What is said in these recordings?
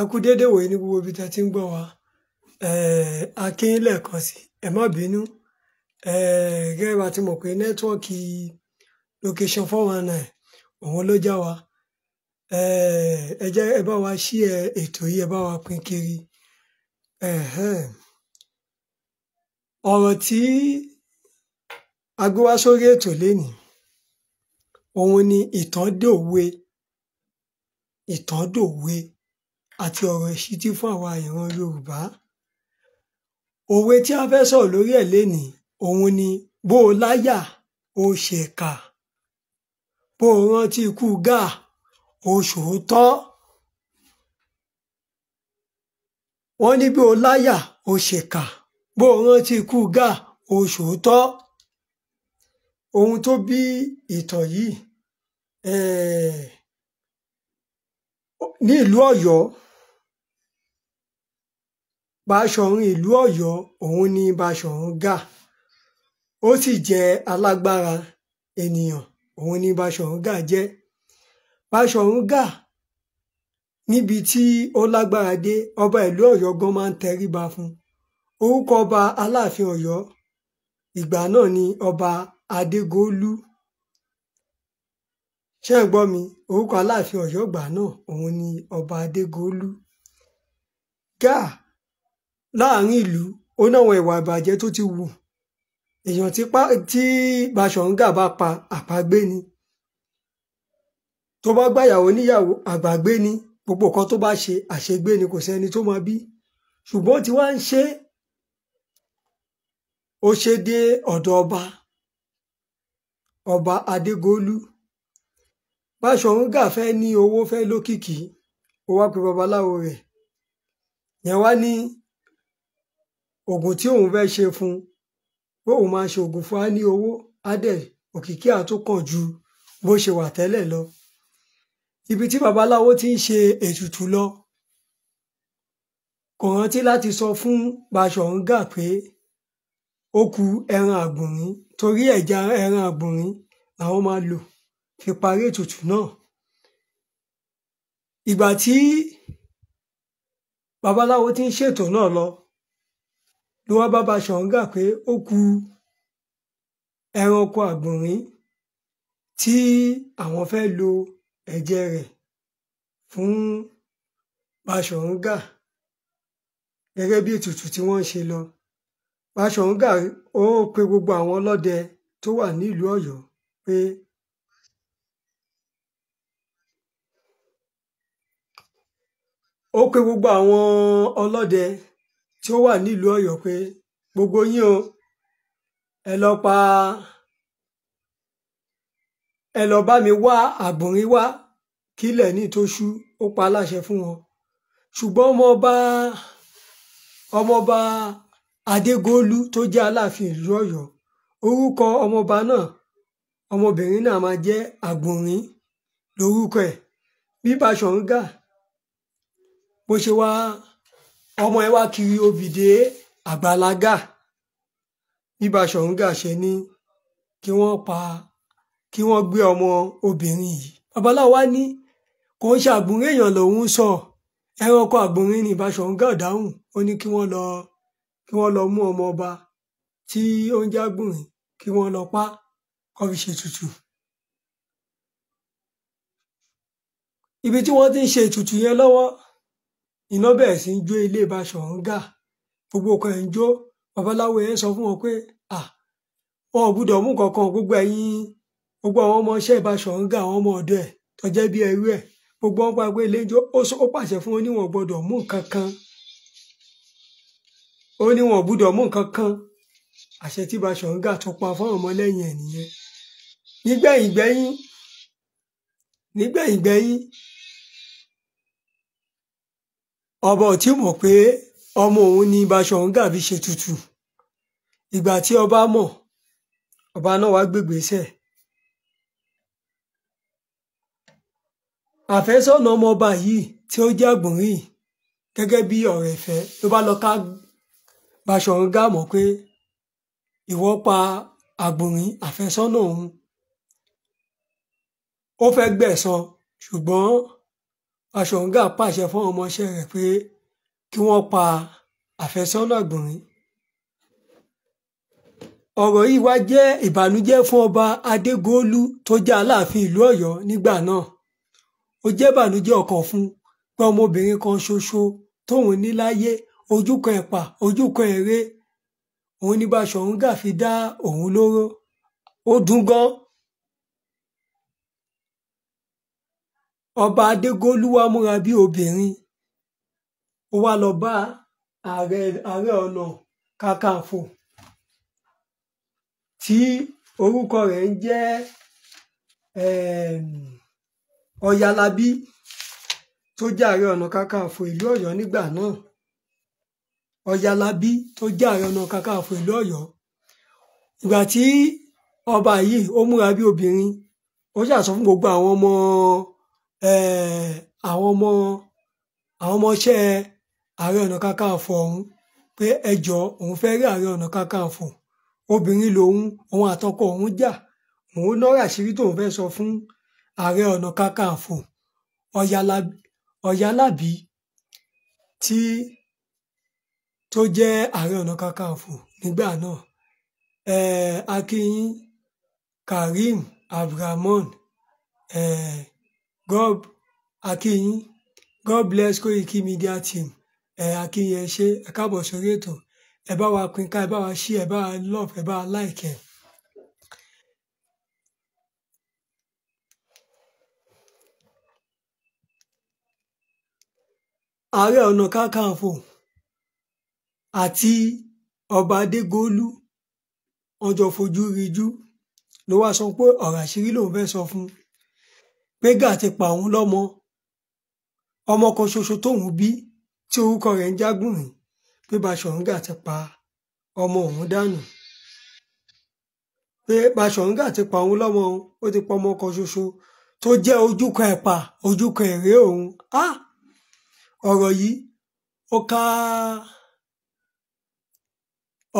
ẹ kú dédé wòye ní gbogbo ibi tí ẹ ti ń gbọ́ wa akin lẹ́ẹ̀kan sí ẹ má bínú gẹ́gẹ́ bá ti mọ̀ pé nẹ́tíwọ́ọ̀kì location four one nine òun ló já wa ẹ jẹ́ ẹ bá wa ṣí ẹ ètò yìí ẹ bá wa pín kiri ọ̀rọ̀ tí a gbé wá sórí ètò lénìí òun ni ìtàn dòwe ìtàn dòwe àti ọ̀rọ̀ ìṣítí fún àwa ìran Yorùbá òwe tí a fẹ́ sọ̀rọ̀ lórí ẹ̀ lénìí òun ni bó o láyà o ṣèkà bó o rántí ikú gáà o ṣòótọ́ wọ́n ní bí o láyà o ṣèkà bó o rántí ikú gáà o ṣòótọ́ ohun tó bí ìtàn yìí eh, ní ìlú Ọ̀yọ́ Báṣọ̀run ìlú Ọ̀yọ́ òun ni Báṣọ̀run Gáà ó sì jẹ́ alágbára ènìyàn òun ni Báṣọ̀run Gáà jẹ́ Báṣọ̀run Gáà níbi tí ó lágbára dé ọba ìlú Ọ̀yọ́ gan máa ń tẹríba fún orúkọ ọba Aláàfin Ọ̀yọ́ ìgbà náà ni ọba Adégolú ṣé ẹ gbọ́ mi orúkọ Aláàfin Ọ̀yọ́ ìgbà náà òun ni ọba Adégolú Gáà láàrin ìlú ó náwọn ìwà ìbàjẹ́ tó ti wù èèyàn tí Báṣọ̀run bá pa àpagbé ni tó bá gbàyàwó níyàwó àgbàgbé ni gbogbo kan tó bá ṣe àṣegbé ni kò sẹ́ni tó máa bí ṣùgbọ́n tí wá ń ṣe ó ṣe dé ọ̀dọ̀ ọba ọba Adégolú Báṣọ̀run Gáà fẹ́ ní owó fẹ́ lókìkí ó wá pe babaláwo rẹ̀ yẹn wá ní. Ni oògùn tí òun fẹ́ ṣe fún bóun máa ṣe oògùn fún á ní owó á dẹ̀ òkìkí àtúnkàn ju bó ṣe wà tẹ́lẹ̀ lọ ibi tí babaláwo ti ń ṣe ètùtù lọ kò rántí láti sọ fún Baṣọ̀run pé ó ku ẹran àgbòrín torí ẹ̀já ẹran àgbòrín làwọn máa lò fi parí ètùtù náà ìgbà tí babaláwo ti ń ṣètò náà lọ ló wá bá Baṣọ̀run pé ó ku ẹranko àgbọ̀nrín tí àwọn fẹ́ lo ẹ̀jẹ̀ rẹ̀ fún Baṣọ̀run gẹ́gẹ́ bí ètùtù tí wọ́n ń ṣe lọ Baṣọ̀run ó pe gbogbo àwọn ọlọ́dẹ tó wà nílùú Ọ̀yọ́ pé ó pe gbogbo àwọn ọlọ́dẹ tí ó wà nílùú Ọ̀yọ́ pé gbogbo yín o ẹ lọ pa ẹ lọ bá mi wá àbòrin wá kílẹ̀ ní tóṣú ó pa aláṣẹ fún wọn ṣùgbọ́n ọmọọba ọmọọba Adégolú tó jẹ́ Aláàfin ìlú Ọ̀yọ́ orúkọ ọmọọba náà ọmọbìnrin náà máa jẹ́ àgbòrin lórúkọ ẹ̀ bí Baṣọ̀run Gáà bó ṣe wá ọmọ ẹ wá kiri obìdé àgbàlagà bí Baṣọ̀run Gáà ṣe ní kí wọ́n pa kí wọ́n gbé ọmọ obìnrin yìí babaláwo wá ní kò ń ṣe àgbọ̀nrín èèyàn lòun sọ ẹranko àgbọ̀nrín ní Baṣọ̀run dáhùn ó ní kí wọ́n lọ kí wọ́n lọ mú ọmọ ọba tí ó ń jágbọ̀nrín kí wọ́n lọ pa kó fi ṣe tutù ibi tí wọ́n ti ń ṣe ètùtù yẹn lọ́wọ́ iná bẹ̀rẹ̀ sí ń jó ilé Baṣọ̀run Gáà gbogbo kan ń jó babaláwo yẹn sọ fún wọn pé à wọn ò gbúdọ̀ mú kankan gbogbo ẹ̀yin gbogbo àwọn ọmọọṣẹ́ Baṣọ̀run Gáà àwọn ọmọ ọ̀dọ́ ẹ̀ tọ́jẹ́ bí ẹrú ẹ̀ gbogbo wọn pàgbé ilé ń jó ó pàṣẹ fún wọn gbọdọ̀ mú nǹkan kan gbúdọ̀ mú nǹkan àṣẹ tí Baṣọ̀run Gáà tó pa fáwọn ọmọlẹ́yìn ẹ̀ nìyẹn nígbẹ̀yìn gbẹ̀yìn ọba ò tí mọ̀ pé ọmọ òun ni Baṣọ̀run Gáàbí ṣe tutù ìgbà tí ọba mọ̀ ọba náà wá gbégbèsè àfẹ́sọ́nà ọmọọba yìí tí ó jẹ́ Àgbọ̀nrín gẹ́gẹ́ bí ọ̀rẹ́ ìfẹ́ ló bá lọ ká Baṣọ̀run Gáà mọ̀ pé ìwọ pa Àgbọ̀nrín àfẹ́sọ́nà òun ó fẹ́ gbẹ̀san ṣùgbọ́n. Bashorun pàṣẹ fáwọn ọmọọṣẹ́ rẹ̀ pé kí wọ́n pa àfẹ́sọ́nà Àgbọ̀nrín ọ̀rọ̀ yìí wá jẹ́ ìbànújẹ́ fún ọba Adégóòlù tó jẹ́ aláàfin ìlú Ọ̀yọ́ nígbà náà ó jẹ́ ìbànújẹ́ ọkàn fún pé ọmọbìnrin kan ṣoṣo tóun ní láyé ojú kan ẹ̀pà ojú kan ère òun ni Bashorun fi dá òun lóró ó dùn gan-an ọba adégolúwa múra bí obìnrin ó wá lọ bá ààrẹ ààrẹ ọ̀nà kàkàǹfò tí orúkọ rẹ̀ ń jẹ́ ọ̀yálábí tó jẹ́ ààrẹ ọ̀nà kàkàǹfò ìlú ọ̀yọ́ nígbà náà ọ̀yálábí tó jẹ́ ààrẹ ọ̀nà kàkàǹfò ìlú ọ̀yọ́ ìgbà tí ọba yìí ó múra bí obìnrin ó ṣàsọ fún gbogbo àwọn ọmọ Eh, àwọn ọmọ àwọn ọmọọṣẹ́ ààrẹ ọ̀nà kakanfò ọ̀hún pé ẹjọ́ òun fẹ́ rí ààrẹ ọ̀nà kakanfò obìnrin lòun òun àtọkọ òun jà òun lọ́rọ̀ àṣírí tóun fẹ́ sọ fún ààrẹ ọ̀nà kakanfò ọ̀yálábí tí tó jẹ́ ààrẹ ọ̀nà kakanfò nígbà náà eh, karim abdulrahman eh, God akínyín God bless Koiki Media team ẹ akínyín ẹ ṣe ẹ káàbọ̀ sórí ètò ẹ bá wa pín ká ẹ bá wa ṣí ẹ bá wa love ẹ bá wa like ẹ. ààrẹ ọ̀nà kákàǹfò àti ọba adégolu ọjọ́ fojú ríjú ló wá sọ pé ọ̀rọ̀ àṣírí lòun fẹ́ sọ fún un pégà ti pa òun lọ́mọ ọmọ kan ṣoṣo tóun bí tí orúkọ rẹ̀ ń jágùnrìn pé Baṣọ̀rúngà ti pa ọmọ òun dànù pé Baṣọ̀rúngà ti pa òun lọ́mọ òun ó ti pa ọmọ kan ṣoṣo tó jẹ́ ojúkọ ẹ̀pà ojúkọ èrè òun á ọ̀rọ̀ yìí ó ká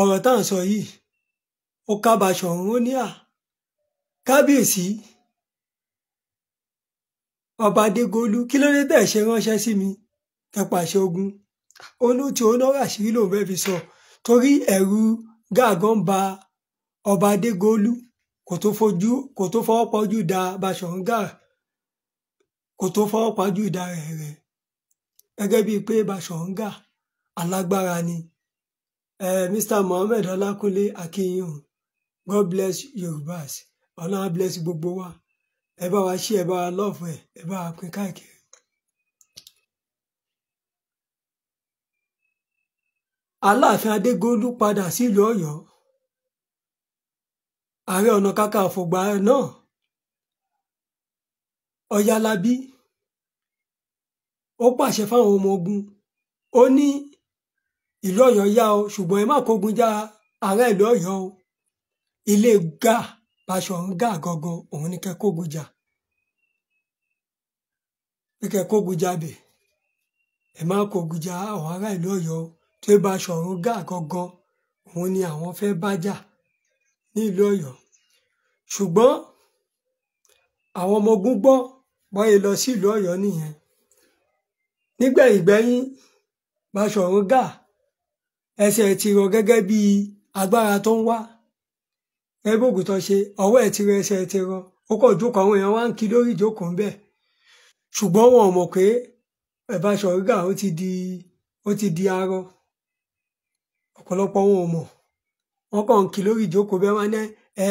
ọ̀rọ̀ tá à ń sọ yìí ó ká Baṣọ̀rún ó ní à kábíyèsí ọba adégolu kí ló dé tẹ̀ ṣe ránṣẹ́ sí mi ẹ pàṣẹ ogun olóòtú onọ́rọ̀ àṣírí lòun fẹ́ fi sọ torí ẹ̀rù gàgán ba ọba adégolu kò tó fojú kò tó fọwọ́ pọ́jú da Bàṣọ̀rúngà kò tó fọwọ́ pọ́jú da rẹ̀ rẹ̀ gẹ́gẹ́ bíi pé Bàṣọ̀rúngà alágbára ni Mr. Mohammed Ọlákúnlé Akínyìn God bless Yorùbá ọlọ́run bless gbogbo wa ẹ bá wa ṣí ẹ bá wa lọ́ọ̀fù ẹ ẹ bá wa pín káàkiri. aláàfin adégolu padà sílùú ọ̀yọ́ ààrẹ ọ̀nà kakanfò gbà náà ọ̀yálábí ó pàṣẹ fáwọn ọmọ ogun ó ní ìlú ọ̀yọ́ yá o ṣùgbọ́n ẹ má kógun já ará ìlú ọ̀yọ́ o ilé ga báṣọ ń gà gangan òun ni kẹ́ kógun jà pé kẹ́ kógun jáde ẹ má kógun já àwọn ará ìlú Ọ̀yọ́ tó báṣọ ń gà gangan òun ni àwọn fẹ́ bá jà ní ìlú Ọ̀yọ́ ṣùgbọ́n àwọn ọmọ ogun gbọ́ bọ́yé lọ sí ìlú Ọ̀yọ́ nìyẹn nígbẹ̀yìn gbẹ́yìn báṣọ ń gà ẹsẹ̀ ti rọ gẹ́gẹ́ bí agbára tó ń wá ẹgbógun tó ṣe ọwọ́ ẹ̀ ti rẹ ẹsẹ̀ ti rọ ó kọ̀ jókòó àwọn èèyàn wá ń kí lórí ìjókòó ń bẹ̀ wọn ò mọ̀ pé ẹ̀bá ṣọ̀rígà ó ti di ó ti di arọ ọ̀pọ̀lọpọ̀ wọn ò mọ̀ wọn kàn ń kí lórí ìjókòó bẹ́ẹ̀ wá ní ẹ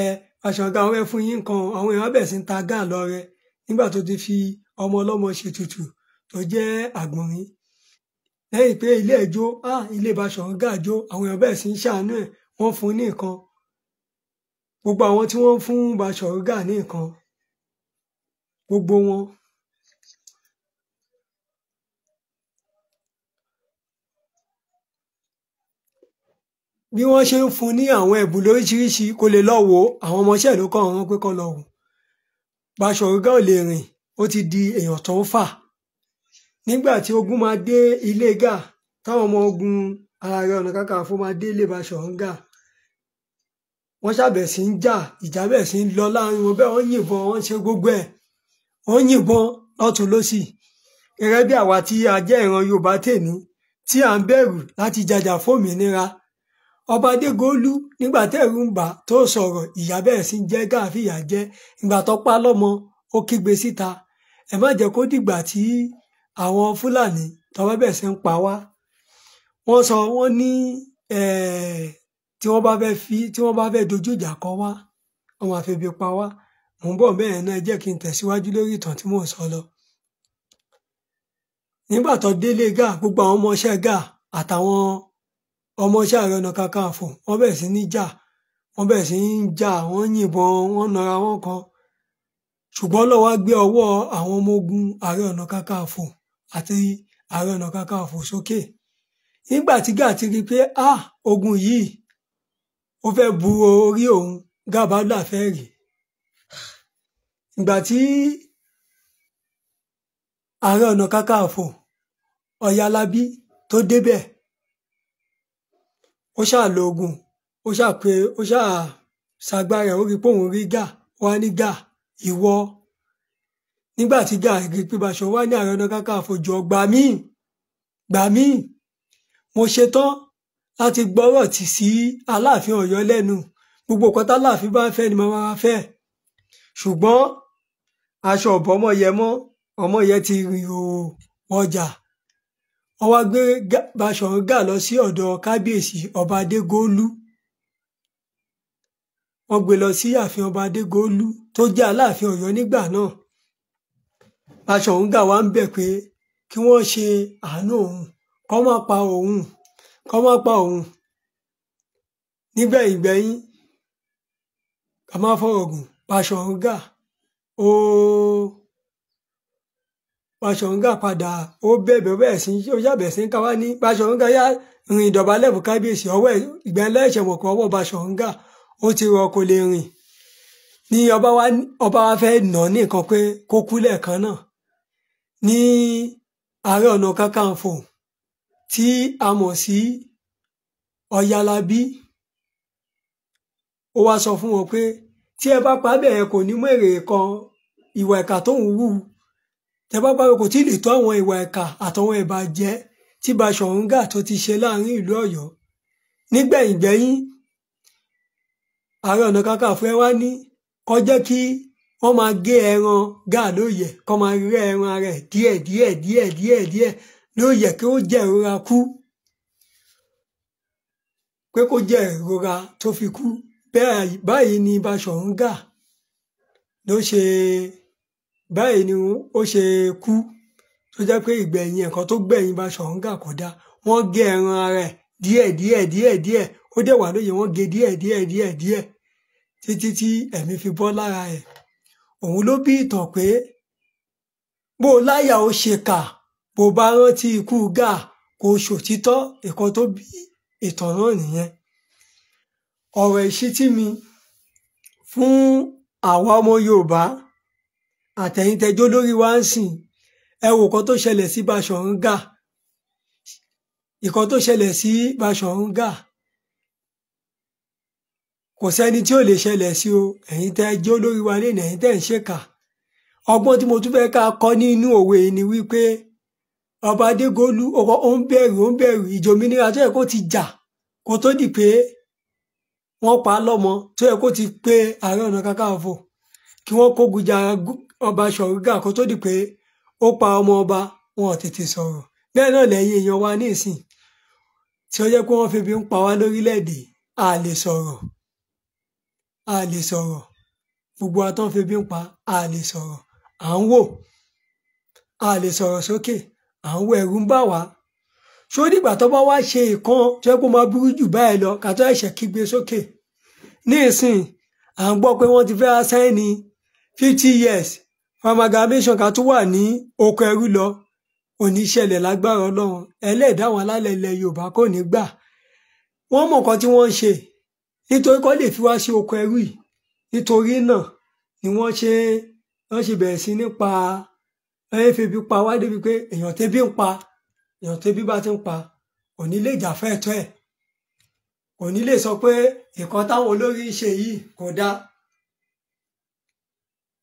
aṣọ̀gá ọrẹ fún yín kan àwọn èèyàn bẹ̀ sí ń ta gáà lọ rẹ nígbà tó ti fi ọmọ ọlọ́mọ ṣe tutù tó jẹ́ àgbọ̀nrín lẹ́yìn pé ilé ẹjọ́ ah ilé ìbáṣọ̀gá jó àwọn èèyàn bẹ̀ sí ń ṣàánú ẹ̀ wọ́n fún ní nǹkan gbogbo àwọn tí wọ́n fún Basọ̀rọ̀ Gáà ní nǹkan gbogbo wọn bí wọ́n ṣe ń fún ní àwọn ẹ̀bùn lóríṣiríṣi kó lè lọ́wọ́ àwọn ọmọọṣẹ́ ló kọ́ wọn pé kọ́ lọ́wọ́ Basọ̀rọ̀ Gáà ò lè rìn ó ti di èèyàn tó ń fà nígbà tí ogun máa dé ilé Gáà táwọn ọmọ ogun Ààrẹ Ọ̀nà Kakanfò máa dé ilé Basọ̀rọ̀ wọ́n ṣàbẹ̀ sí ń jà ìjà bẹ̀ sí ń lọ láàrin wọn bẹ́ẹ̀ wọ́n yìnbọn wọ́n ṣe gbogbo ẹ̀ wọ́n yìnbọn lọ́tún lọ́sì gẹ́gẹ́ bí àwa tí a ìran Yorùbá tèmi tí à ń bẹ̀rù láti jàjà fòmìnira ọba Adégolú nígbà tẹ́rù ń bà tó sọ̀rọ̀ ìyá bẹ̀ sí ń jẹ́ gáàfìyà jẹ́ ìgbà tó pa lọ́mọ ó kígbe síta ẹ má jẹ́ kó dìgbà tí àwọn Fúlàní tọ́wọ́ bẹ̀ sí ń pa wá wọ́n sọ wọ́n ní tí wọ́n bá fẹ́ fi tí wọ́n bá fẹ́ dojú ìjà kọ wá wọ́n máa fi ibi pa wá mò ń bọ̀ bẹ́ẹ̀ náà jẹ́ kí n tẹ̀síwájú lórí ìtàn tí mò ń sọ lọ. nígbà tó délé gáà gbogbo àwọn ọmọọṣẹ́ gáà àtàwọn ọmọọṣẹ́ Ààrẹ Ọ̀nà Kakanfò wọ́n bẹ̀rẹ̀ sí ní jà wọ́n bẹ̀rẹ̀ sí ní jà wọ́n yìnbọn wọ́n nara wọn kan ṣùgbọ́n lọ́wọ́ gbé ọwọ́ àwọn ọmọ ogun Ààrẹ Ọ̀nà Kakanfò àti Ààrẹ Ọ̀nà Kakanfò sókè nígbà tí gáà ti rí pé ah ogun yìí ó fẹ́ bu orí òun gábàdà fẹ́ rì ìgbà tí ààrẹ ọ̀nà kákàfò ọ̀yálábí tó débẹ̀ ó ṣáà lo oògùn ó ṣáà pé ó ṣáà ṣàgbára ó rí póun rí gà wá ní gà ìwọ nígbà tí gà rí pé bàṣọ wá ní ààrẹ ọ̀nà kákàfò jọ gbà míì gbà míì mo ṣetán láti gbọ́rọ̀ tì sí aláàfin ọ̀yọ́ lẹ́nu gbogbo kan táláàfin bá fẹ́ ni mo máa fẹ́ ṣùgbọ́n aṣọ ọ̀bọ ọmọ yẹ mọ́ ọmọ yẹ ti rìn o ọjà wọ́n wá gbé Baṣọ̀run Gáà lọ sí ọ̀dọ̀ kábíyèsí ọba Adégóòlù wọ́n gbé lọ sí ààfin ọba Adégóòlù tó jẹ́ aláàfin Ọ̀yọ́ nígbà náà Baṣọ̀run Gáà wá ń bẹ̀ pé kí wọ́n ṣe àánú òun kó má pa òun kọmọkpa má pa òun nígbẹ̀yìn gbẹ̀yìn ká má fọ̀rọ̀ gùn Pàṣọ̀ǹgà ó padà ó bẹ̀bẹ̀ bẹ́ẹ̀ sí ó yàbẹ̀ sí káwá ní Pàṣọ̀ǹgà yá rìn ìdọ̀bà fún kábíyèsí ọwọ́ ìgbẹ́lẹ́ ọwọ́ tí a mọ̀ sí ọ̀yálábí ó wá sọ fún wọn pé tí ẹ bá pa bẹ́ẹ̀ kò ní mú èrè kan ìwà ìkà tó ń wù tẹ bá pàrọ̀ kò tí ì lè tó àwọn ìwà ìkà àtọwọn ìbàjẹ́ tí Baṣọ̀run Gáà tó ti ṣe láàrin ìlú Ọ̀yọ́ nígbẹ̀yìngbẹ̀yìn Ààrẹ Ọ̀nà Kakanfò ẹ wá ní kó jẹ́ kí wọ́n máa gé ẹran Gáà lóye kó máa rẹ́ ẹran rẹ̀ díẹ̀ díẹ̀ díẹ̀ díẹ̀ díẹ̀ ló yẹ kí ó jẹ́ ìrora kú pé kó jẹ́ ìrora tó fi kú bẹ́ẹ̀ báyìí ni Baṣọ̀run Gáà ló ṣe báyìí ni ó ṣe kú tó jẹ́ pé ìgbẹ̀yìn ẹ̀kan tó gbẹ̀yìn Baṣọ̀run Gáà kódà wọ́n gé ẹran ara ẹ̀ díẹ̀ díẹ̀ díẹ̀ díẹ̀ ó dẹ̀ wà lóye wọ́n gé díẹ̀ díẹ̀ díẹ̀ díẹ̀ títí tí ẹ̀mí fi bọ́ lára ẹ̀ òun ló bí ìtàn pé bó láyà ó ṣe kà bó bá rántí ikú gáà kò ṣòtítọ́ ẹ̀kọ́ tó bí ìtàn náà nìyẹn ọ̀rọ̀ ìṣítí mi fún àwa ọmọ Yorùbá àtẹ̀yìntẹ́jọ́ lórí wa ń sìn ẹ wò kan tó ṣẹlẹ̀ sí Baṣọ̀run Gáà ìkan tó ṣẹlẹ̀ sí Baṣọ̀run Gáà kò sẹ́ni tí ò lè ṣẹlẹ̀ sí o ẹ̀yin tẹ́ jẹ́ olórí wa lé ẹ̀yin tẹ́ ń ṣèkà ọgbọ́n tí mo tún fẹ́ ká kọ́ ní òwe ni wípé ọba adégolu ó ń bẹ̀rù ó ń bẹ̀rù ìjòmínira tó yẹ kó ti jà kó tó di pé wọ́n pa á lọ́mọ tó yẹ kó ti pé ààrẹ ọ̀nà kakanfò kí wọ́n kógun jà ọba ṣọ̀rúgà kó tó di pé ó pa ọmọ ọba wọn tètè sọ̀rọ̀ bẹ́ẹ̀ náà lẹ́yìn èèyàn wa ní ìsìn tí ó jẹ́ pé wọ́n fi bí ń pa wá lórílẹ̀‐èdè a lè sọ̀rọ̀ a lè sọ̀rọ̀ gbogbo àtọ́n fi bí ń pa a lè sọ̀rọ̀ à ń wò a lè sọ̀rọ̀ sókè. Okay à ń wọ ẹ̀rù ń bà wá ṣó nígbà tó bá wá ṣe nǹkan tó yẹ kó máa burú jù báyìí lọ kàtó ẹ̀ṣẹ̀ kígbe sókè ní ìsìn à ń gbọ́ pé wọ́n ti fẹ́ sáìnì fifty years amalgamation ká tún wà ní oko ẹrú lọ oníṣẹ̀lẹ̀ lágbára Ọlọ́run ẹlẹ́ẹ̀dá wọn alálẹ̀ ilẹ̀ Yorùbá kò ní gbà wọ́n mọ̀ nǹkan tí wọ́n ń ṣe nítorí kọ́ lè fi wá sí oko ẹrú yìí nítorí náà ni wọ́n ṣe wọ́n ṣe bẹ̀rẹ̀ sí nípa lọ́yẹ́ fi ibi pa wá débi pé èèyàn tẹ́bí ń pa èèyàn tẹ́bí bá ti ń pa kò ní lè jà fẹ́ẹ̀tọ́ ẹ̀ kò ní lè sọ pé ìkan táwọn olórí ń ṣe yìí kò dáa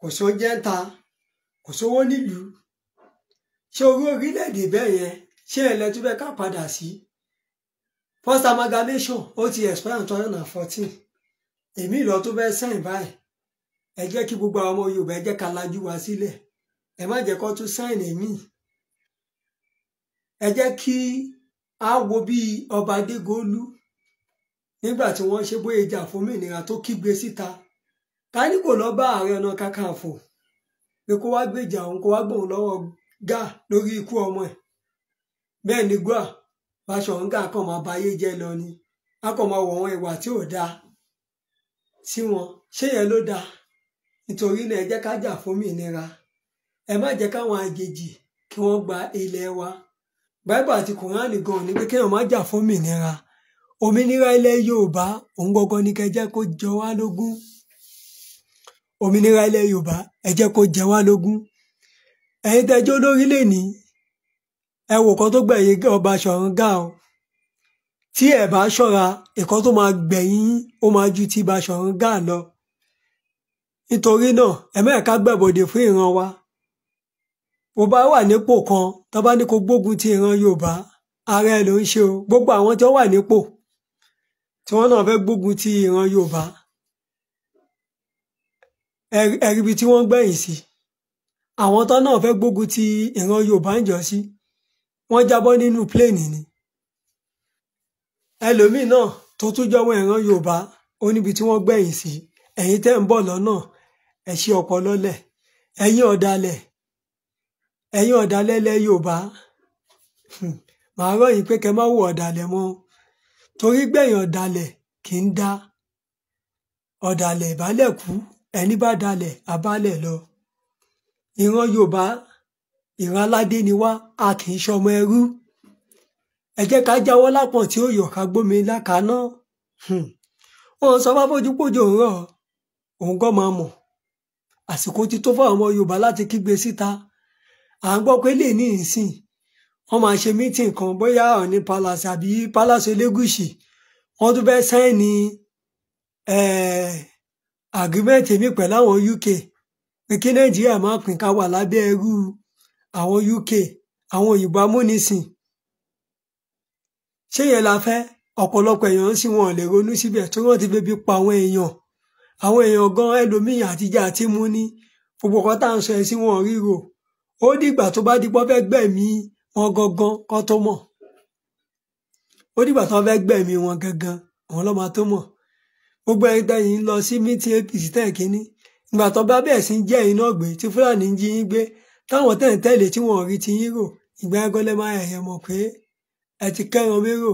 kò sóúnjẹ ń ta kò sówó nílùú ṣé orí orílẹ̀-èdè bẹ́ẹ̀ yẹn ṣé ẹlẹ́tú bẹ́ẹ̀ ká padà sí first amalgamation ó ti expire two thousand and fourteen èmi ìlọ tó bẹ́ẹ̀ sẹ́yìn báyìí ẹ jẹ́ kí gbogbo àwọn ọmọ Yorùbá ẹ jẹ́ ká lajú wa sílẹ̀ ẹ má jẹ́ kó tún sáìnì mí ẹ jẹ́ kí a wo bí ọba adégoolu nígbà tí wọ́n ṣe bóyá ìjà fún mìnira tó kígbe síta ta ni kò lọ bá ààrẹ ọ̀nà kakanfò pé kó wá gbèjà òun kó wá gbòun lọ́wọ́ gà lórí ikú ọmọ ẹ̀ bẹ́ẹ̀ ni gbà Báṣọ̀run gà kàn máa bayé jẹ́ lọ ni a kàn máa wọ̀ wọn ìwà tí ò dáa sí wọn ṣé yẹn ló dáa nítorí náà ẹ jẹ́ ká jà fún ẹ má jẹ́ káwọn àjèjì kí wọ́n gba ilẹ̀ wa báíbù àti kùránì gan ni pé kéèyàn má jà fún òmìnira òmìnira ilẹ̀ yorùbá òun gangan ni kẹ́ jẹ́ kó jẹ wá lógún òmìnira ilẹ̀ yorùbá ẹ jẹ́ kó jẹ wá lógún ẹ̀yin tẹ́jọ́ lórílẹ̀ ní ẹ wò kan tó gbẹ̀yìn ọba ṣọ̀run gà o tí ẹ bá ṣọ́ra ìkan tó máa gbẹ̀yìn ó máa ju ti ìbá ṣọ̀run gà lọ nítorí náà ẹ mẹ́ẹ̀ká gbẹ̀bọ̀dẹ̀ fún ìran wa bó bá wà nípò kan tó bá ní kó gbógun ti ìran yorùbá ara ẹ ló ń ṣe o gbogbo àwọn tó wà nípò tí wọ́n náà fẹ́ gbógun ti ìran yorùbá ẹ̀ríbi tí wọ́n gbẹ̀yìn sí àwọn tó náà fẹ́ gbógun ti ìran yorùbá ń jọ sí wọ́n jábọ́ nínú pléènì ni ẹlòmíì náà tó tún jọ̀wọ́ ìran yorùbá ó níbi tí wọ́n gbẹ̀yìn sí ẹ̀yin tẹ́ ń bọ̀ lọ́nà ẹ ṣí ọpọlọ lẹ̀ ẹ̀yin ẹ̀yin ọ̀dàlẹ̀ ilẹ̀ Yorùbá màá rọ̀ yín pé kẹ́ má wo ọ̀dàlẹ̀ mọ́ torí gbẹ̀yìn ọ̀dàlẹ̀ kì í dá ọ̀dàlẹ̀ ìbálẹ̀ kú ẹni bá dalẹ̀ abálẹ̀ lọ ìran Yorùbá ìran aládé ni wá a kì í ṣọmọ ẹrú ẹ jẹ́ ká jáwọ́ lápọ̀n tí ó yọ̀ ká gbómi lákaná wọn sọ wá bójú pójò òun gan máa mọ̀ àsìkò ti tó fún àwọn Yorùbá láti kígbe síta. Si à ń gbọ́ pé lè ní ìsìn wọ́n máa ṣe mítìn kan bóyá Ọ̀ní palace àbí palace Elégùṣì wọ́n tún fẹ́ sáìnì agreement mi pẹ̀lú àwọn UK pé kí Nàìjíríà máa pín ká wà lábẹ́ ẹrú àwọn UK àwọn òyìnbó amúnisìn ṣé yẹn la fẹ́ ọ̀pọ̀lọpọ̀ èèyàn sì wọn lè ronú síbẹ̀ tó wọ́n ti fi bí pa àwọn èèyàn àwọn èèyàn gan ẹlòmíyàn àtijọ́ àti mú ní gbogbo kan tá à ń sọ ẹ sí wọn ríro ó dìgbà tó bá dìgbọ́ fẹ́ gbẹ̀mí wọn gangan kó tó mọ̀ ó dìgbà tó fẹ́ gbẹ̀mí wọn gangan àwọn ló máa tó mọ̀ gbogbo ẹni tẹ́yìn lọ sí mítí APC tẹ̀ kínní ìgbà tó bá bẹ̀rẹ̀ sí jẹ́ iná gbé tí Fúlàní ń jí yín gbé táwọn tẹ̀ ń tẹ̀lé tí wọ́n rí ti yín rò ìgbà ẹgọ́lẹ́ máa ẹ̀yẹ mọ̀ pé ẹ ti kẹ́ran mérò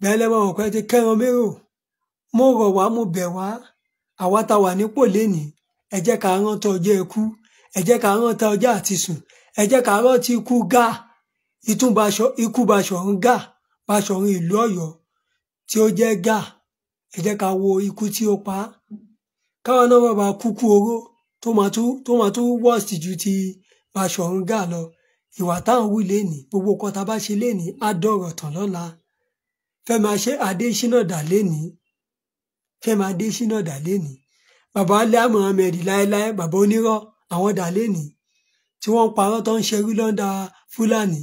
bẹ́ẹ̀ lẹ́mọ̀ mọ̀ pé ẹ ti kẹ́ran mérò mo rọ̀ wá mo bẹ̀ wá àwa ta wà nípò lénìí ẹ jẹ́ ká rántọ́ ọjọ́ ẹkú ẹ jẹ́ ká rántí ọjọ́ àti sùn ẹ jẹ́ ká rántí ikú gá ikú Baṣọ̀run gá Baṣọ̀run ìlú Ọ̀yọ́ tí ó jẹ́ gá ẹ jẹ́ ká wo ikú tí ó pa á káwọn náà bàbá kúkú oró tó máa tún tó máa tún wọ́ọ̀sì ju ti Baṣọ̀run gá lọ ìwà táwọn wí lénìí gbogbo kan bá ṣe lénìí á dọ̀rọ̀ tán lọ́la Fẹ́mi Adésínà dà lénìí Fẹ́mi Adésínà lénìí bàbá alẹ́ àmọ́ ahmed láéláé bàbá onírọ́ àwọn dàlẹ́nì tí wọ́n ń parọ́ tó ń ṣerú lọ́ndà fúlàní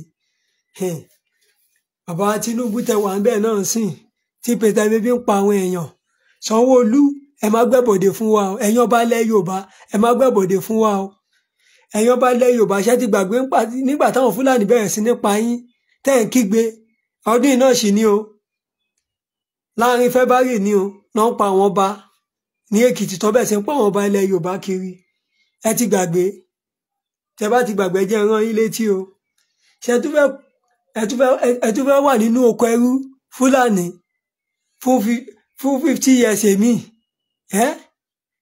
bàbá Tinubu tẹ wà ń bẹ̀ náà sìn tí pété bíbí ń pa àwọn èèyàn Sanwó-Olú ẹ má gbẹ́bọ̀dé fún wa o ẹ̀yin ọba ilẹ̀ Yorùbá ẹ má gbẹ́bọ̀dé fún wa o ẹ̀yin ọba ilẹ̀ Yorùbá ṣe ti gbàgbé nígbà táwọn Fúlàní bẹ̀rẹ̀ sí nípa yín tẹ́ ẹ̀ ń kígbe ọdún náà sì ni o láàrin February ni o náà ń pa àwọn ọba ní Èkìtì tó sí ń pa àwọn ọba ilẹ̀ Yorùbá kiri ẹ ti gbàgbé tẹ bá ti gbàgbé jẹ́ rán yín létí o ṣe tún fẹ́ wà nínú oko ẹrú fúlàní fún fifty years èmi ẹ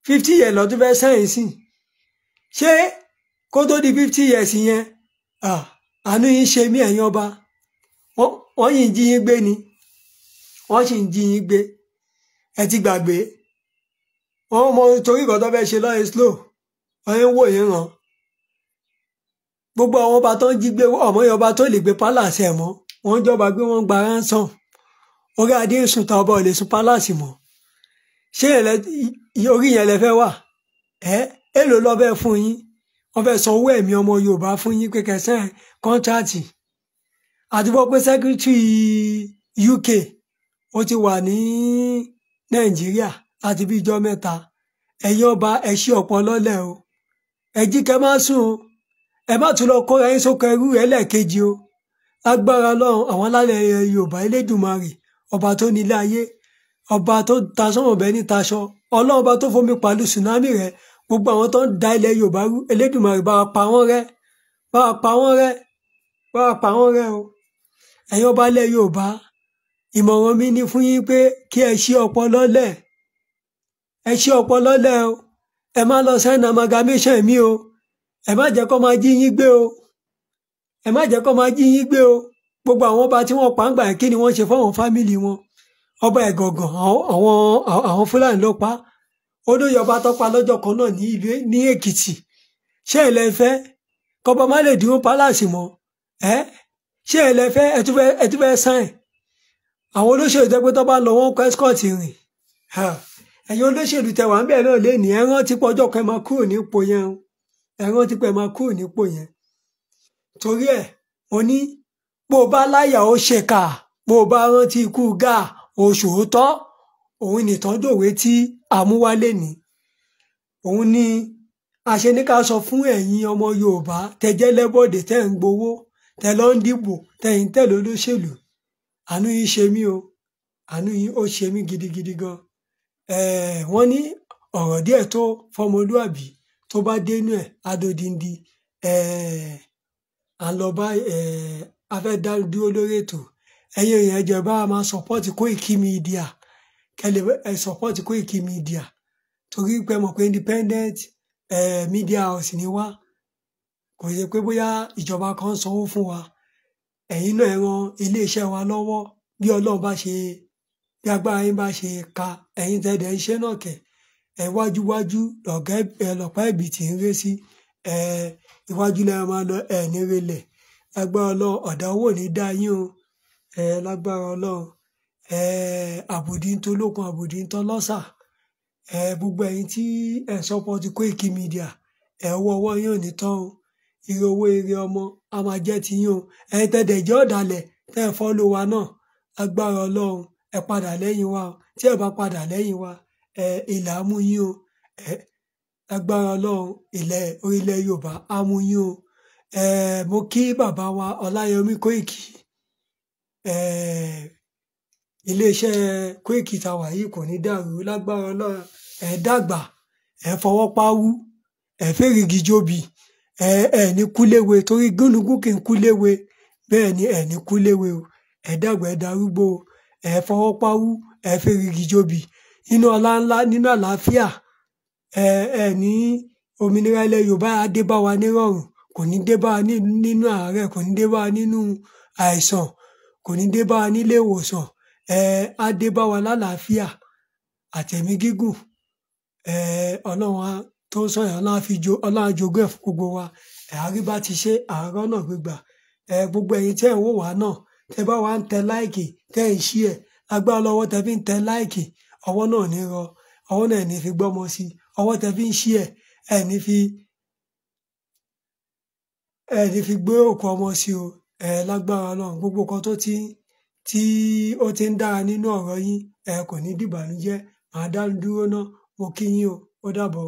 fifty years lọ́dún fẹ́ sáyẹn sí ṣé kó tó di fifty years yẹn àánú yín ṣe mí ẹ̀yin ọba wọ́n yìí ń jí yín gbé ni wọ́n sì ń jí yín gbé ẹ ti gbàgbé wọ́n mọ torí ìkọ́ fẹ́ ṣe lọ́yẹ̀ slow ọyẹn wò yín ràn gbogbo àwọn ọba tó ń jí gbé ọmọ yẹn ọba tó lè gbé pálàsì ẹ̀ mọ́ wọ́n jọba gbé wọ́n gba ransom orí adé sùn tá ọba ò lè sun pálàsì mọ́ ṣé orí yẹn lẹ fẹ́ wà ẹ́ èlò lọ́bẹ̀ fún yín wọ́n fẹ́ san owó ẹ̀mí ọmọ Yorùbá fún yín pé kẹsàn kọ́ńtráàtì àtibọ́ pé sẹ́kítírì UK ó ti wà ní Nàìjíríà láti bí ijọ́ mẹ́ta ẹ̀yin ọba ẹ ọ̀pọ̀ lọ́lẹ̀ o ẹ jí kẹ́ má sùn o ẹ má tún lọ kóra yín sóko ẹrú rẹ̀ lẹ́ẹ̀kejì o agbára Ọlọ́run àwọn alálẹ̀ Yorùbá Elédùmarè ọba tó nílé ayé ọba tó taṣọ ọbẹ ní taṣọ Ọlọ́run ọba tó fomi pàlú tsunami rẹ̀ gbogbo àwọn tó ń da ilẹ̀ Yorùbá rú Elédùmarè bá wa pa wọ́n rẹ́ bá wa pa wọ́n rẹ́ bá wa pa wọ́n rẹ́ o ẹ̀yin ọba ilẹ̀ Yorùbá ìmọ̀ràn mi ni fún yín pé kí ẹ ṣí ọpọlọ lẹ̀ ẹ ṣí ọpọlọ lẹ̀ o ẹ má lọ sign amalgamation mi o ẹ má jẹ́ kó máa jí yín gbé o ẹ má jẹ́ kó máa jí yín gbé o gbogbo àwọn ọba tí wọ́n pa ń gbà kí ni wọ́n ṣe fáwọn fámìlì wọn ọba ẹ̀gọ̀gàn àwọn àwọn fúlàní ló pa olóyè ọba tó pa lọ́jọ́ kan náà ní ìlú ní èkìtì ṣé ẹ lẹ fẹ́ má lè dínwó pálásì mọ́ ẹ ṣé ẹ lẹ fẹ́ ẹ tún àwọn olóṣèlú tẹ́gbẹ́tọ́ bá lọ wọ́n kọ́ escort rìn ẹ̀yin olóṣèlú tẹwà ń bẹ̀ náà lé ní ẹran tí pọ́jọ́ kan máa kúrò nípò yẹn ẹran tí pẹ́ máa kúrò nípò yẹn torí ẹ̀ mo ní bó o bá láyà ó ṣèkà bó o bá rántí ikú gà oṣù tọ́ òun nìtọ́dọ̀wé tí amúwálé ní òun ni àṣẹ sọ fún ẹ̀yin ọmọ Yorùbá tẹjẹ́ lẹ́bọ̀dẹ̀ tẹ́ ń gbowó tẹ lọ ń dìbò tẹ̀yìn tẹ̀ lólóṣèlú àánú yín ṣe mí o àánú yín ó ṣe mí gidigidi gan um wọ́n ní ọ̀rọ̀ díẹ̀ tó fọmọlúàbí tó bá dénú ẹ̀ adodindi um à eh, a fẹ́ dá dúró lórí ètò ẹ̀yin èèyàn jẹ́ bá a máa sọ́pọ́ọ̀tì Koiki Media kẹlẹ̀ ẹ sọ́pọ́ọ̀tì Koiki Media torí pé mọ̀ pé independent media house ni wá kò yẹ pé bóyá ìjọba kan sanwó fún wa ẹ̀yin náà ẹ ran iléeṣẹ́ wa lọ́wọ́ bí Ọlọ́run bá ṣe bí agbára yín bá ṣe ka ẹ̀yin tẹ́lẹ̀ ń ṣe náà kẹ̀ ẹ̀ wájúwájú lọ́pàá ẹ̀bì tí ń ré sí ẹ̀ iwájú lẹ́yìn máa lọ ẹ̀ nírelẹ̀ lágbára ọlọ́run ọ̀dà owó ní dá yín o ẹ̀ lágbára ọlọ́run ẹ̀ àbòdì ń tolókun àbòdì ń tọ́lọ́sà ẹ̀ gbogbo ẹ̀yin tí ẹ̀ support Koiki Media ẹ̀ ọwọ́ ọwọ́ yín ò ní tán o ire owó ire ọmọ a máa jẹ́ ti yín o ẹ̀yin tẹ̀dẹ̀ jẹ́ ọ̀dàlẹ̀ tẹ́ ẹ̀ fọ́lọ́ wa náà lágbára ọlọ́run ẹ padà lẹ́yìn wa tí ẹ bá padà lẹ́yìn wa ẹ ilẹ̀ amúyín o ẹ agbára ọlọ́run ilẹ̀ orílẹ̀ yorùbá amúyín o ẹ mo kí bàbá wa ọláyẹmí kóìkì ẹ iléeṣẹ́ kóìkì tàwa yìí kò ní dàrú lágbára ọlọ́run ẹ dàgbà ẹ fọwọ́ pawú ẹ fẹ́rìgì jóbi ẹ ẹ ní kúléwe torí gúnugún kì í kúléwe bẹ́ẹ̀ ni ẹ ní kúléwe o ẹ dàgbà ẹ darúgbó o. ẹ fọwọ́páwú jobi nínú ọlá ńlá nínú àlàáfíà ẹ ẹ ilẹ̀ adébáwa kò ní débáwa nínú ààrẹ kò ní nínú àìsàn kò ní débáwa nílé ìwòsàn ẹ adébáwa lálàáfíà àtẹ̀mí gígùn ọlọ́run tó ń ọlọ́run ẹ̀ ti ṣe àárọ̀ náà gbogbo tẹ́ ẹ̀ wò wá náà tẹ́ tẹ́ ẹ̀ ṣí ẹ̀ agbára lọ́wọ́ tẹ́ fi ń tẹ láìkì ọwọ́ náà ní rọ ọwọ́ náà ní fi gbọ́mọ sí ọwọ́ tẹ́ fi ń ṣí ẹ̀ ẹ̀ ní fi ẹ̀ ní fi gbé òkú ọmọ sí o ẹ̀ lágbára Ọlọ́run gbogbo kan tó ti tí ó ti ń dára nínú ọ̀rọ̀ yín ẹ̀ kò ní dìbànújẹ́ màá dá dúró ná mo kí yín o ó dàbọ̀